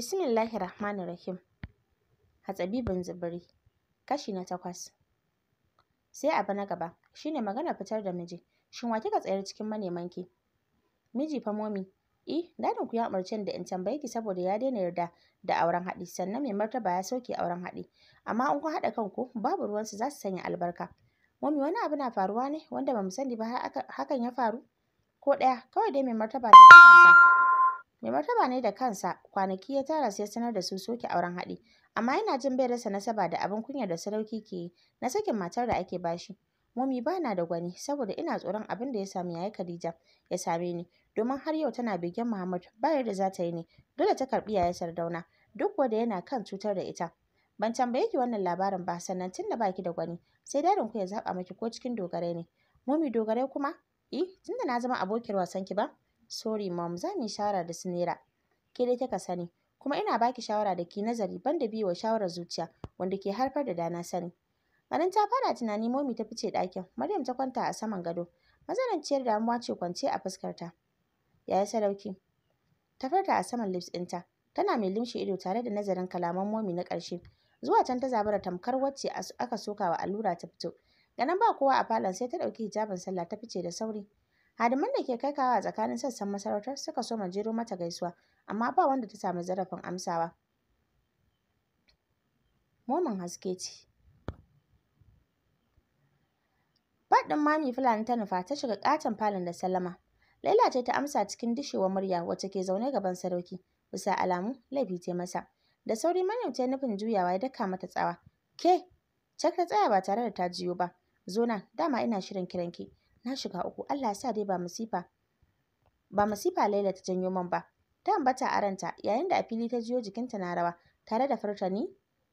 Bismillahi Rahmanir Rahim. Hatsabibin zubiri. Kashi na takwas. Sai abu na gaba Shi ne magana fitar da miji. Shin wa kika tsayar cikin maneman ki? Miji fa momi. E, dadin ku ya umarce da in tambaye ki saboda ya daina yarda da auren haɗi sannan mai martaba ya sauke auren haɗi. Amma in kun haɗa kanku babu ruwansu za su sanya albarka. Momi wani abu na faruwa ne wanda bamu mu sani ba hakan ya faru? Ko ɗaya kawai dai mai martaba ne da kansa. mai martaba ne da kansa kwanaki ya tara sai sanar da su soke auren haɗi amma yana jin bai rasa nasaba da abin kunya da sarauki ke yi na sakin matar da ake bashi momi ba na da gwani saboda ina tsoron abin da ya sami yayi Khadija ya same ni domin har yau tana begen Muhammad ba da za ta yi ne dole ta karɓi yaya Sardauna duk wanda yana kan cutar da ita ban tambaye ki wannan labarin ba sannan tunda baki da gwani sai dadin ku ya zaɓa miki ko cikin dogare ne momi dogare kuma eh tunda na zama abokiyar wasan ki ba Sorry mom, za mu yi shawara da su naira. Ke dai kika sani. Kuma ina baki shawara da ki nazari banda wa shawarar zuciya wanda ke haifar da dana sani. Ganin ta fara tunani momi ta fice dakin. Maryam ta kwanta a saman gado. da damuwa ce kwance a fuskar fuskarta. yi sadauki. Ta furta a saman lips ɗinta. Tana mai limshi ido tare da nazarin kalaman momi na ƙarshe. Zuwa can ta zabura tamkar wacce aka soka wa allura ta fito. Ganin ba kowa a falon sai ta ɗauki hijabin sallah ta fice da sauri. hadiman da ke kai kawa a tsakanin sassan masarautar suka so jero mata gaisuwa amma ba wanda ta sami zarafin amsawa momin haske ce Baɗin mami Fulani ta nufa ta shiga ƙaton falon da Salama. Laila ce ta amsa cikin dishewar murya wacce ke zaune gaban sarauki. Bisa alamu laifi ce masa. Da sauri manyan ta nufin juyawa ya daka mata tsawa. Ke, cak ta tsaya ba tare da ta jiyo ba. zona dama ina shirin kiranki. na shiga uku Allah sa dai ba musifa ba musifa Laila ta janyo man ba ta ambata aranta yayin da a fili ta jiyo jikinta na rawa tare da furtani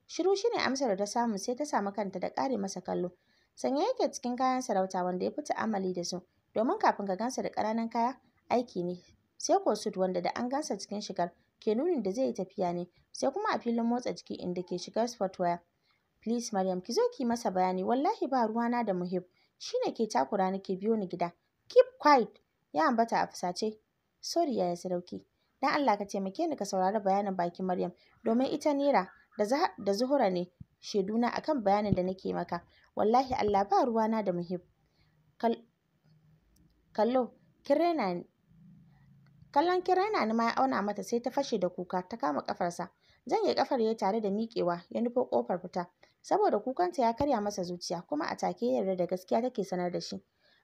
shiru shine amsar da ta samu sai ta samu kanta da kare masa kallo Sanya yake cikin kayan sarauta wanda ya fita amali da su domin kafin ka gansa da ƙananan kaya aiki ne sai ko sud wanda da an gansa cikin shigar ke nunin da zai yi tafiya ne sai kuma a filin motsa jiki inda ke shigar sportwear please Maryam ki zo ki masa bayani wallahi ba ruwana da muhib Shi ne ke takura ni ke biyo ni gida. Keep quiet. Ya ambata a fusace. Sorry yaya sadauki. Dan Allah ka taimake ni ka saurari bayanin bakin Maryam domin ita Nira da Zuhura ne shaiduna akan bayanin da nake maka. Wallahi Allah ba ruwa na da muhib. Kallo, kin raina ni. Kallon kin ni ma ya auna mata sai ta fashe da kuka ta kama kafarsa. yi kafar ya tare da miƙewa ya nufo ƙofar fita. saboda kukanta ya karya masa zuciya kuma a take yarda da gaskiya take sanar da shi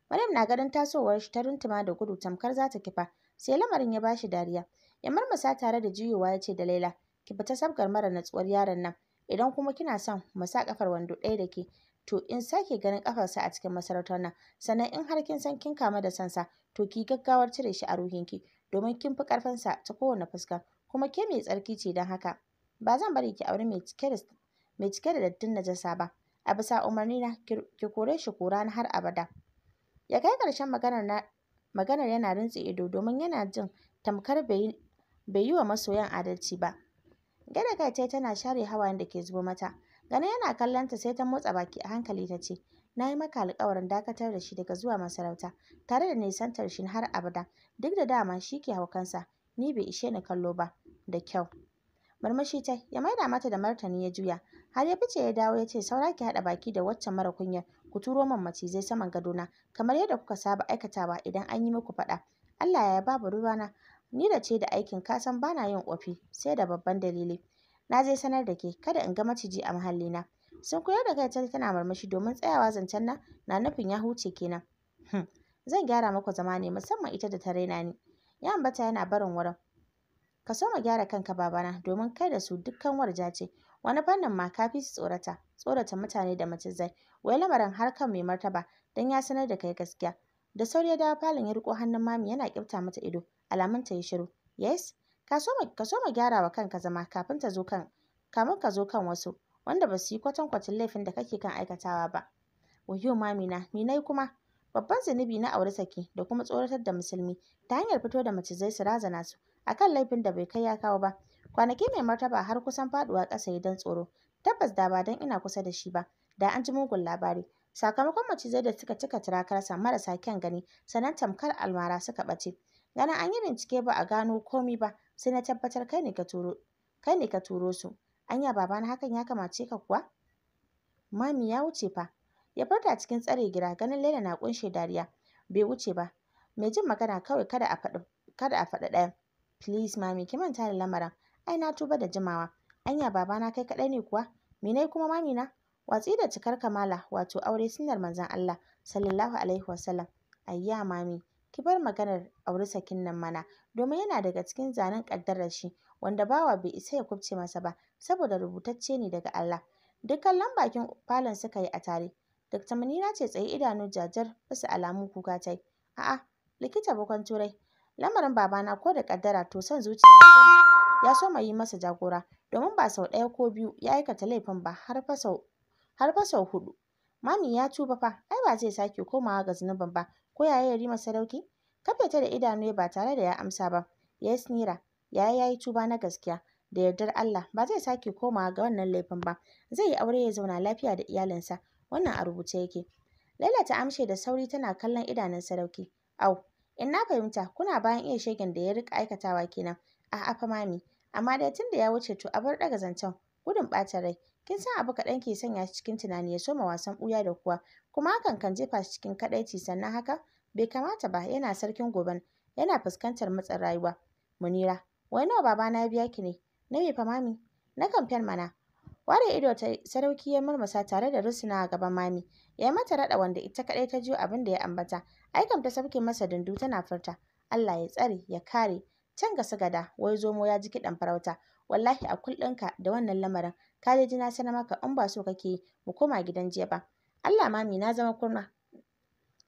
Maryam na ganin tasowar shi ta runtuma da gudu tamkar za ta kifa sai lamarin ya bashi dariya ya marmasa tare da juyowa ya ce da Laila ki fita sabgar mara natsuwar yaron nan idan kuma kina son mu sa kafar wando ɗaya da ke to in sake ganin kafarsa a cikin masarautar nan sannan in har kin san kin kama da sansa to ki gaggawar cire shi a ruhinki domin kin fi sa ta kowane fuska kuma ke mai tsarki ce don haka ba zan bari ki aure mai cike da mai cike da dattin najasa ba a bisa umarni na ki kore shi kora na har abada ya kai ƙarshen maganar na maganar yana rintse ido domin yana jin tamkar bai yi wa masoyan adalci ba gada kai tai tana share hawayen da ke zubo mata Gani yana kallon ta sai ta motsa baki a hankali ta ce na yi maka alkawarin dakatar da shi daga zuwa masarauta tare da nisantar shi har abada duk da dama shi ke haukansa ni bai ishe ni kallo ba da kyau murmushi ta ya maida mata da martani ya juya Har ya fice ya dawo ya ce saura ki haɗa baki da waccan mara kunyar ku turo man zai saman gadona kamar yadda kuka saba aikatawa idan an yi muku faɗa. Allah ya babu ruwana ni da ce da aikin ka san bana yin ofi sai da babban dalili. Na zai sanar da ke kada in ga maciji a muhalli na. Sun koyar da kai tana murmushi domin tsayawa zancen nan na nufin ya huce kenan. Hm, zan gyara muku zama ne musamman ita da ta raina ni. Ya ambata yana barin wurin. Ka so mu gyara kanka babana domin kai da su dukkan warja ce. wani fannin ma ka fi su tsorata tsorata mutane da macizai wai lamarin har kan mai martaba don ya sanar da kai gaskiya da sauri ya dawo falon ya riko hannun mami yana kyauta mata ido alamun ta yi shiru yes ka so ma gyara wa kanka zama kafin ta zo kan kamin ka zo kan wasu wanda ba su yi kwatankwacin laifin da kake kan aikatawa ba wayo mami na ni nayi kuma babban zunubi na aure saki da kuma tsoratar da musulmi ta hanyar fito da macizai su razana su akan laifin da bai kai ya kawo ba Kwanaki mai martaba har kusan faɗuwa ƙasa ya don tsoro. Tabbas da ba don ina kusa da shi ba, da an ji mugun labari. Sakamakon macizai da suka cika turakarsa marasa kyan gani, sannan tamkar almara suka ɓace. Ganin an yi bincike ba a gano komi ba, sai na tabbatar kai ne ka turo, kai ne ka turo su. Anya babana hakan ya kamace ka kuwa? Mami ya wuce fa. Ya furta cikin tsare gida, ganin Laila na kunshe dariya. Bai wuce ba. Mai jin magana kawai kada a faɗi kada a faɗi ɗaya. Please mami ki manta da lamarin. ai na tuba da jimawa anya babana kai kadai ne kuwa me nayi kuma mamina watsi da cikar kamala wato aure sunnar manzon Allah sallallahu alaihi wasallam ayya mami ki bar maganar aure sakin nan mana domin yana daga cikin zanen ƙaddarar shi wanda bawa bai isa ya kubce masa ba saboda rubutacce ne daga Allah dukkan lambakin falon suka yi a tare Dr. Manina ce tsaye idanu jajar bisa alamun kuka tai yi a'a likita bakon turai lamarin babana ko da kaddara to son zuciya ya so yi masa jagora domin ba sau ɗaya ko biyu ya aikata laifin ba har fa sau huɗu. hudu mami ya tuba fa ai ba zai sake komawa ga zunubin ba ko yaya ya rima sadauki kafe ta da idanu ba tare da ya amsa ba ya sinira ya yayi tuba na gaskiya da yardar Allah ba zai sake komawa ga wannan laifin ba zai yi aure ya zauna lafiya da iyalinsa wannan a rubuce yake Laila ta amshe da sauri tana kallon idanun sarauki au in na fahimta kuna bayan iya shegen da ya rika aikatawa kenan a'a fa mami Amma dai tun da ya wuce to a bar ɗaga zancen, gudun bata rai. Kin san abu kaɗan ke sanya shi cikin tunani ya soma wasan buya da kuwa, kuma hakan kan jefa shi cikin kaɗaici sannan haka bai kamata ba yana sarkin goben, yana fuskantar matsin rayuwa. Munira, wai nawa babana ya biya ki ne? Na me fa mami? Na kamfen mana. Ware ido ta sarauki ya marmasa tare da rusuna a gaban mami. Ya mata raɗa wanda ita kadai ta jiyo abin da ya ambata. Aikam ta sabke masa dundu tana furta. Allah ya tsare ya kare. Can gasa gada wai zomo ya ji kiɗan farauta. Wallahi a kulɗinka da wannan lamarin ka je jina na maka in ba so kake yi mu koma gidan jiya ba. Allah mami na zama kurma.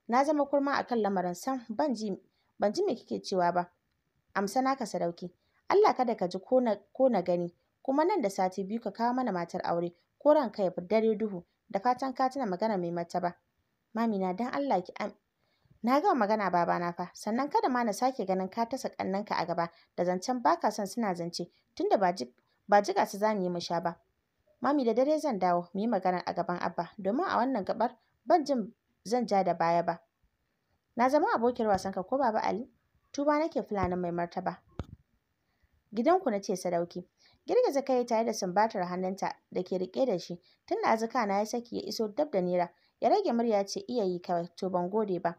Na zama kurma akan lamarin San ban ji ban me kike cewa ba. Amsa naka sadauki. Allah kada ka ji ko na gani kuma nan da sati biyu ka kawo mana matar aure ko ranka ya fi dare duhu da fatan ka tuna magana mai mata Mami na dan Allah ki Na gama magana babana fa, sannan kada ma na sake ganin ka tasa ka a gaba da zancen baka son suna zance tunda ba ba jiga su zamu yi mu sha ba. Mami da dare zan dawo mu yi magana a gaban Abba domin a wannan gabar ban jin zan ja da baya ba. Na zama wasan ka, ko Baba Ali? Tuba nake fulanin mai martaba. Gidanku na ce sadauki. Girgiza kai tare da sumbatar hannunta da ke riƙe da shi tun da azuka na ya saki ya iso dab da nera ya rage murya ce iya yi kawai to ban gode ba.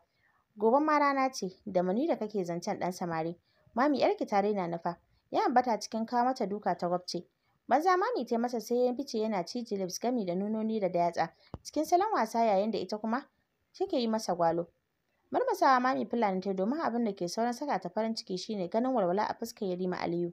Gobe ma rana ce da mani da kake zancen ɗan samari. Mami ‘yarki ta raina na fa. Ya ambata cikin kawo mata duka ta gwabce. Banza mami ta masa sai ya fice yana ciji lips gami da nunoni da yatsa. Cikin salon wasa yayin da ita kuma take yi masa gwalo. Murmusawa mami Fulani ta domin abin da ke sauran saka ta farin ciki shine ganin walwala a fuskar Yarima Aliyu.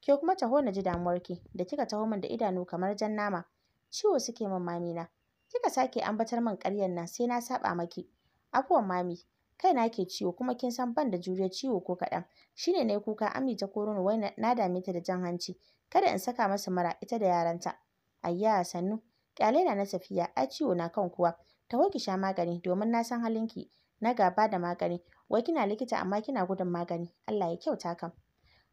Ke kuma taho na ji damuwarki da kika taho min da idanu kamar jan nama. Ciwo suke min mami na. Kika sake ambatar min ƙaryar nan sai na saba maki. Afuwan mami, Kai na ke ciwo kuma kin san ban da juriyar ciwo ko kaɗan shine na yi kuka ami ta koro wai na dame ta da jan hanci kada in saka masa mara ita da yaranta ayya sannu kyale na na safiya ai ciwo na kan kuwa ho ki sha magani domin na san halin ki na gaba da magani wai kina likita amma kina gudun magani Allah ya kyauta kan.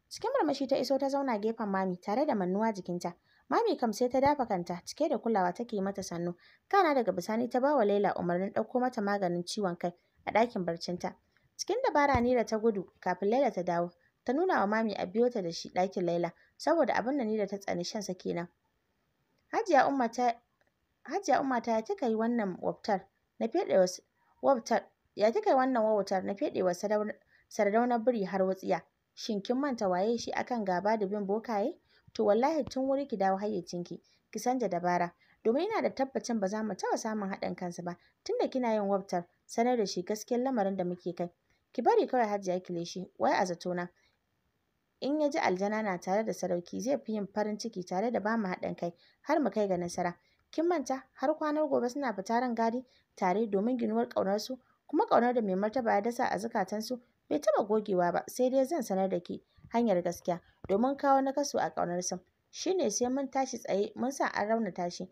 cikin marmashi ta iso ta zauna gefen mami tare da mannuwa jikinta Mami kam sai ta dafa kanta cike da kulawa take mata sannu. Kana daga bisani ta bawa Laila umarnin ɗauko mata maganin ciwon kai a ɗakin barcinta. Cikin dabara Nira ta gudu kafin Laila ta dawo. Ta nuna wa mami a biyo ta da shi ɗakin Laila saboda abin da Nira ta tsani shansa kenan. Hajiya Umma ta Hajiya Umma ta kika yi wannan wabtar na feɗewa wabtar ya kika yi wannan wabtar na feɗewa sardaunar biri har watsiya. Shin kin manta waye shi akan gaba da bin bokaye? To wallahi tun wuri ki dawo hayyacinki ki sanja dabara. domin ina da tabbacin ba za mu taɓa samun haɗin kansu ba tunda kina yin wabtar sanar da shi gaskiyar lamarin da muke kai ki bari kawai hajiya kile shi wai a zato na? in ya ji aljana na tare da sarauki zai fi yin farin ciki tare da bamu haɗin kai har mu kai ga nasara kin manta har kwanar gobe suna fita ran gadi tare domin ginuwar ƙaunarsu kuma ƙaunar da mai martaba ya dasa a zukatansu bai taɓa gogewa ba sai dai zan sanar da ki hanyar gaskiya domin kawo nakasu a ƙaunarsu shine sai mun tashi tsaye mun sa an raunata shi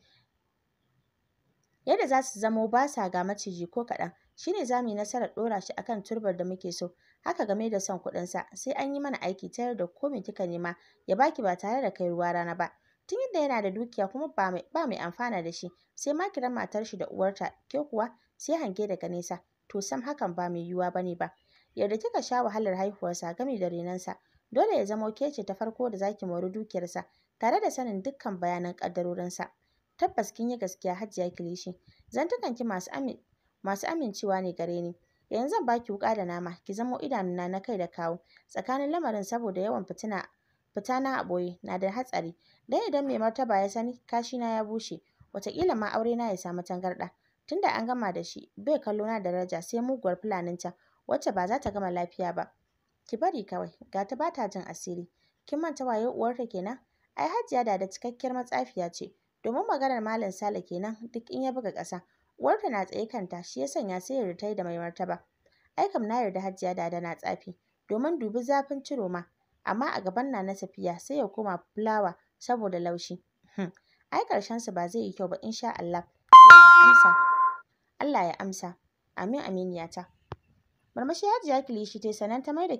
yadda za su zamo ba sa ga maciji ko kaɗan shi ne za mu yi nasarar ɗora shi akan turbar da muke so haka game da son kuɗinsa sai an yi mana aiki ta yarda ko kika nema ya baki ba tare da kai ruwa rana ba tun yadda yana da dukiya kuma ba mai amfana da shi sai ma kiran matar shi da uwarta ke kuwa sai hange daga nesa to sam hakan ba mai yiwuwa bane ba yadda kika sha wahalar haihuwarsa gami da renonsa dole ya zama ke ce ta farko da zaki mori dukiyarsa tare da sanin dukkan bayanan kaddarorinsa tabbas kin yi gaskiya hajjiya Kilishi ki masu masu amincewa ne gare ni. Yanzu zan baki wuƙa da nama ki zamo idanuna na kai da kawo tsakanin lamarin saboda yawan fitina fitana a ɓoye na da hatsari dan idan mai martaba ya sani kashi na ya bushe wataƙila ma aure na ya samu tangarɗa tunda an gama da shi bai kallona da daraja sai muguwar fulanin can wacce ba za ta gama lafiya ba. Ki bari kawai ga ta ba ta jin asiri kin manta waye uwarta kenan ai Hajiya da da cikakkiyar matsafiya ce domin maganar Malam Sale kenan duk in ya buga ƙasa uwarta na tsaye kanta shi ya sanya sai ya ta yi da mai martaba ai kam na yarda hajiya dada na tsafi domin dubi zafin ciro ma amma a gaban Nana Safiya sai ya koma fulawa saboda laushi hmm, ai karshen su ba zai yi kyau ba insha Allah Allah ya amsa amin aminiyata Marmashi hajiya kilishi tai sanan ta mai da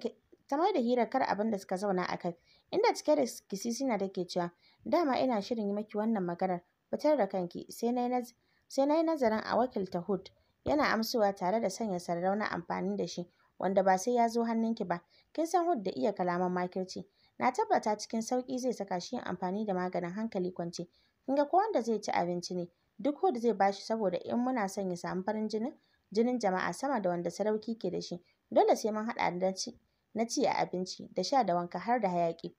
ta mai da hirar kar abin da suka zauna a kai inda cike da suna take cewa dama ina shirin yi maki wannan maganar fitar da kanki sai na Sai na yi nazarin a wakilta Hood, yana amsuwa tare da sanya na amfani da shi, wanda ba sai ya zo hannunki ba. Kin san Hood da iya kalaman makirci. Na tabbata cikin sauƙi zai saka shi yin amfani da maganin hankali kwance. Kin ga ko wanda zai ci abinci ne, duk Hood zai bashi saboda in muna son ya samu farin jinin jinin jama'a sama da wanda sarauki ke da shi, dole sai mun haɗa da ci na ci a abinci da sha da wanka har da hayaƙi.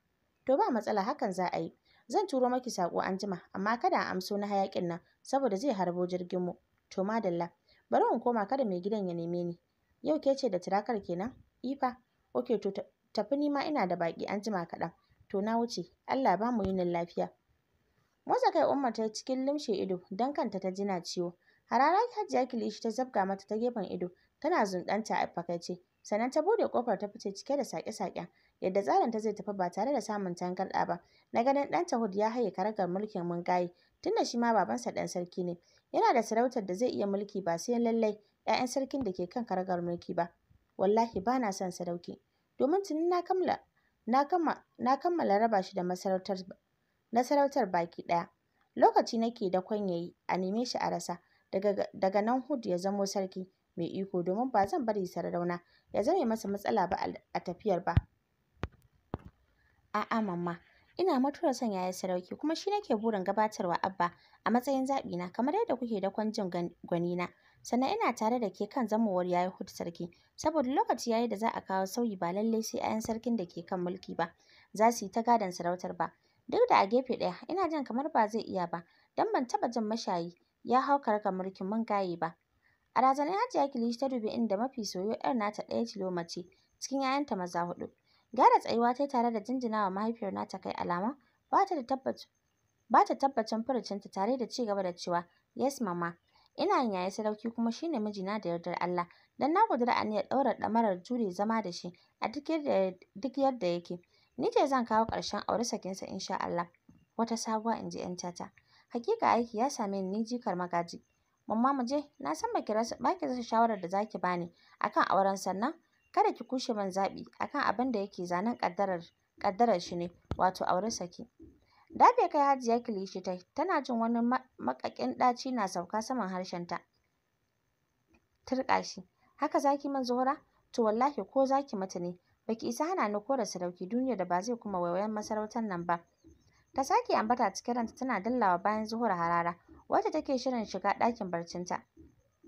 To ba matsala hakan za a yi. Zan turo maki saƙo anjima amma kada a amso na hayakin nan saboda zai harbo jirgin mu. To madalla. Bari in koma kada mai gidan ya neme ni. Yau ke ce da tirakar kenan? Ifa. Oke to tafi nima ina da baƙi anjima kaɗan. To na wuce. Allah ba mu yinin lafiya. Motsa kai Umma ta yi cikin limshe ido don kanta ta jina ciwo. Harara Hajiya Kilishi ta zabga mata ta gefen ido tana zunɗanta a fakaice. sannan ta bude kofar ta fice cike da saƙe-saƙen yadda tsarin ta zai tafi ba tare da samun tangarɗa ba na ganin ɗanta Tahud ya haye karagar mulkin mungaye tunda shi ma babansa ɗan sarki ne yana da sarautar da zai iya mulki ba sai lallai ‘ya'yan sarkin da ke kan karagar mulki ba wallahi ba na son sarauki domin tuni na kammala na kama na kammala raba shi da masarautar na sarautar baki ɗaya lokaci nake da kwanyayi a neme shi a rasa daga daga nan Hud ya zamo sarki mai iko domin ba zan bari sararauna ya zame masa matsala ba a tafiyar ba. A'a mamma, ina matuƙar son yaya sarauki kuma shi nake burin gabatarwa abba a matsayin na kamar yadda kuke da kwan jin na Sannan ina tare da ke kan zamowar yaya hudu sarki saboda lokaci yayi da za a kawo sauyi ba lallai sai 'ya'yan sarkin da ke kan mulki ba za su yi ta gadon sarautar ba. Duk da a gefe ɗaya ina jin kamar ba zai iya ba don ban taɓa jin mashayi ya hau karkar mulkin mun gaye ba. A razanar Hajiya Kilishi ta dubi inda mafi soyo 'yar nata ɗaya tilo mace cikin 'ya'yanta maza huɗu. Gara tsayuwa ta yi tare da jinjina wa mahaifiyar nata kai alama, ba ta da tabbacin ba ta tare da ci gaba da cewa yes mama ina yin yaya sadauki kuma shi ne mijina da yardar Allah dan na kudura aniyar ɗaura ɗamarar jure zama da shi a duk yadda duk yadda yake ni ce zan kawo ƙarshen aure sakinsa insha Allah wata sabuwa in ji 'yan tata hakika aiki ya same ni ni jikar magaji mamma mu je na san baki rasa baki rasa shawarar da zaki bani akan auren sannan kada ki kushe man zaɓi akan abin da yake zanen ƙaddarar ƙaddarar shi ne wato auren saki Dabe kai hajiya kilishi tai tana jin wani makakin ɗaci na sauka saman Ta ta shi haka zaki man zuhura to wallahi ko zaki mata ne baki isa hana ni kora sadauki duniya da ba zai kuma waiwayen masarautar nan ba ta sake ambata cikin ranta tana dallawa bayan zuhura harara wacce take shirin shiga ɗakin barcinta.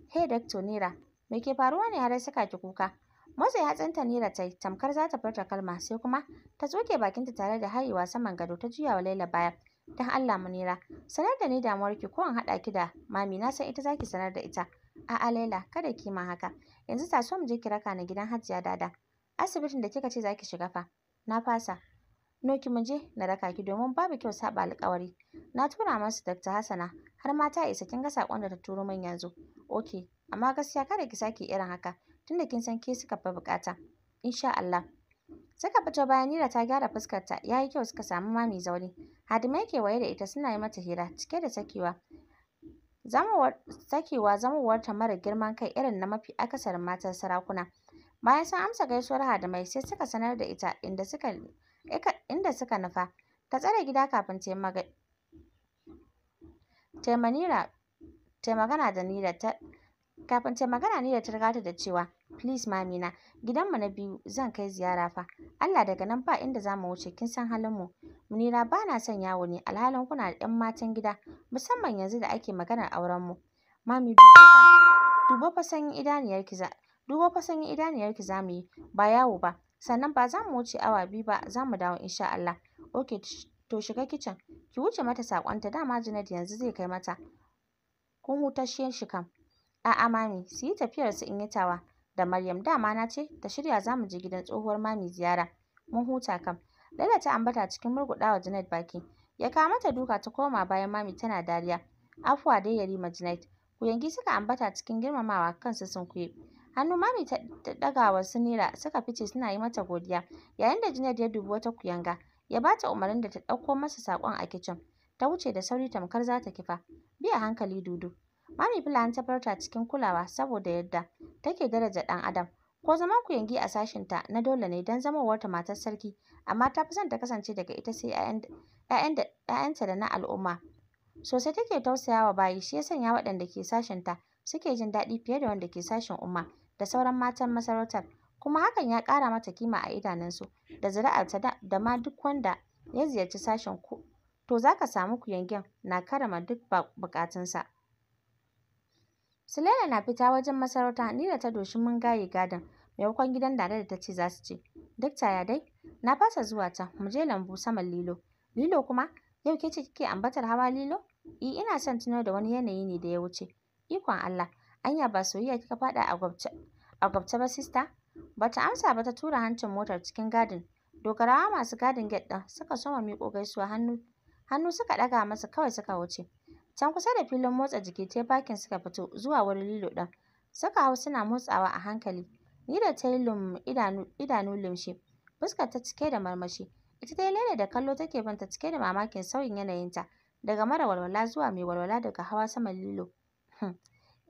Hey Dr. Nira, me ke faruwa ne har saka ki kuka? Matsayi hatsinta Nira ta yi tamkar za ta furta kalma sai kuma ta tsoke bakinta tare da hayewa saman gado ta juya wa Laila baya. Dan Allah mu Nira, sanar da ni ki, ko in haɗa ki da mami na san ita za ki sanar da ita. A'a Laila, kada ki ma haka. Yanzu ta so mu je ki raka ni gidan Hajiya Dada. Asibitin da kika ce za ki shiga fa. Na fasa. noki mun je na raka ki domin babu kyau saba alƙawari na tura masu Dr. Hassana har ma ta isa kin ga sakon da ta turo min yanzu okay amma gaskiya kada ki sake irin haka tunda kin san ke suka fi bukata insha Allah saka fito bayan Nira ta gyara fuskarta, ya yi kyau suka samu mami zaune. Hadimai waye da ita suna yi mata hira, cike da sakewa. Sakewa zamowarta mara girman kai irin na mafi akasarin matar sarakuna. Bayan sun amsa gaisuwar Hadimai sai suka sanar da ita inda suka Eh inda suka nufa ta tsare gida kafin ta magana magana da ta kafin ta magana da cewa please mami na gidanmu na biyu zan kai ziyara fa Allah daga nan ba inda za mu wuce kin san halin mu munira ba na son yawo ne alhalin kuna da 'yan matan gida musamman yanzu da ake maganar auren mu mami duba fa sanyin idaniyarki za duba fa sanyin idaniyarki za mu yi ba yawo ba sannan ba za mu wuce awa biyu ba za mu dawo sha Allah ok to shiga kicin ki wuce mata saƙonta dama Junaid yanzu zai kai mata kun hutasshe shi kam a'a mami su yi tafiyar in yi tawa da Maryam dama na ce ta shirya za mu je gidan tsohuwar mami ziyara mun huta kam Laila ta ambata cikin murguɗawa Junaid baki ya kawo mata duka ta koma bayan mami tana dariya afuwa dai Yarima Junaid yanki suka ambata cikin girmamawa kansu sun Hannu mami ta ɗaga wa naira, suka fice suna yi mata godiya yayin da Junaid ya dubi wata kuyanga ya ba ta umarnin da ta ɗauko masa sakon a kicin. Ta wuce da sauri tamkar za ta kifa. Bi a hankali dudu. Mami Fulani ta farta cikin kulawa saboda yadda take daraja ɗan adam. Ko zaman kuyangi a sashinta na dole ne don zamowarta matar sarki, amma ta fi son ta kasance daga ita sai ‘ya'yanta da na al'umma. Sosai take tausayawa bayi shi ya sanya waɗanda ke sashinta suke jin daɗi fiye da wanda ke sashin umma. da sauran matan masarautar kuma hakan ya ƙara mata kima a idanunsu da zuri'arta da ma duk wanda ya ziyarci sashen ku to za ka samu kuyangen na karama duk buƙatunsa. Sulela na fita wajen masarauta ni da ta doshi mun gaye gadon maimakon gidan da da ta ce za su ce duk taya dai na fasa zuwa ta mu je lambu saman lilo lilo kuma yau ke ce kike ambatar hawa lilo i eh, ina son tuno da wani yanayi ne da ya wuce ikon Allah Anya ba soyayya kika faɗa a gwabce ba sista? Bata amsa ba ta tura hancin motar cikin gadin. Dogarawa masu gadin gate ɗin suka soma miƙo gaisuwa hannu hannu suka ɗaga masa kawai suka wuce. Can kusa da filin motsa jiki tai bakin suka fito zuwa wurin lilo ɗin. Suka hau suna motsawa a hankali. Ni da ta idanu idanu lumshe. Fuskar ta cike da marmashi. Ita dai lele da kallo take banta cike da mamakin sauyin yanayinta daga mara walwala zuwa mai walwala daga hawa sama lilo. Hmm.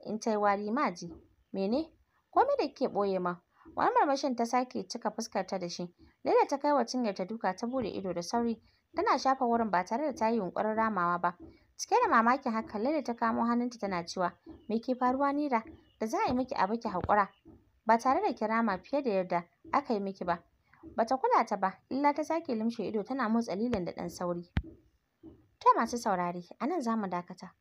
in tai wari ma ji. Mene? Komai da kike ɓoye ma. Wani marmashin ta sake cika fuskarta da shi. Laila ta kai wa ta duka ta buɗe ido da sauri. Tana shafa wurin ba tare da ta yi yunƙurin ramawa ba. Cike da mamakin haka Laila ta kamo hannunta tana cewa, "Me ke faruwa Nira? Da za a yi miki abu ki haƙura." Ba tare da kirama fiye da yadda aka yi miki ba. Bata kula ta ba, illa ta sake limshe ido tana motsa lilin da ɗan sauri. To masu saurare, a nan za mu dakata.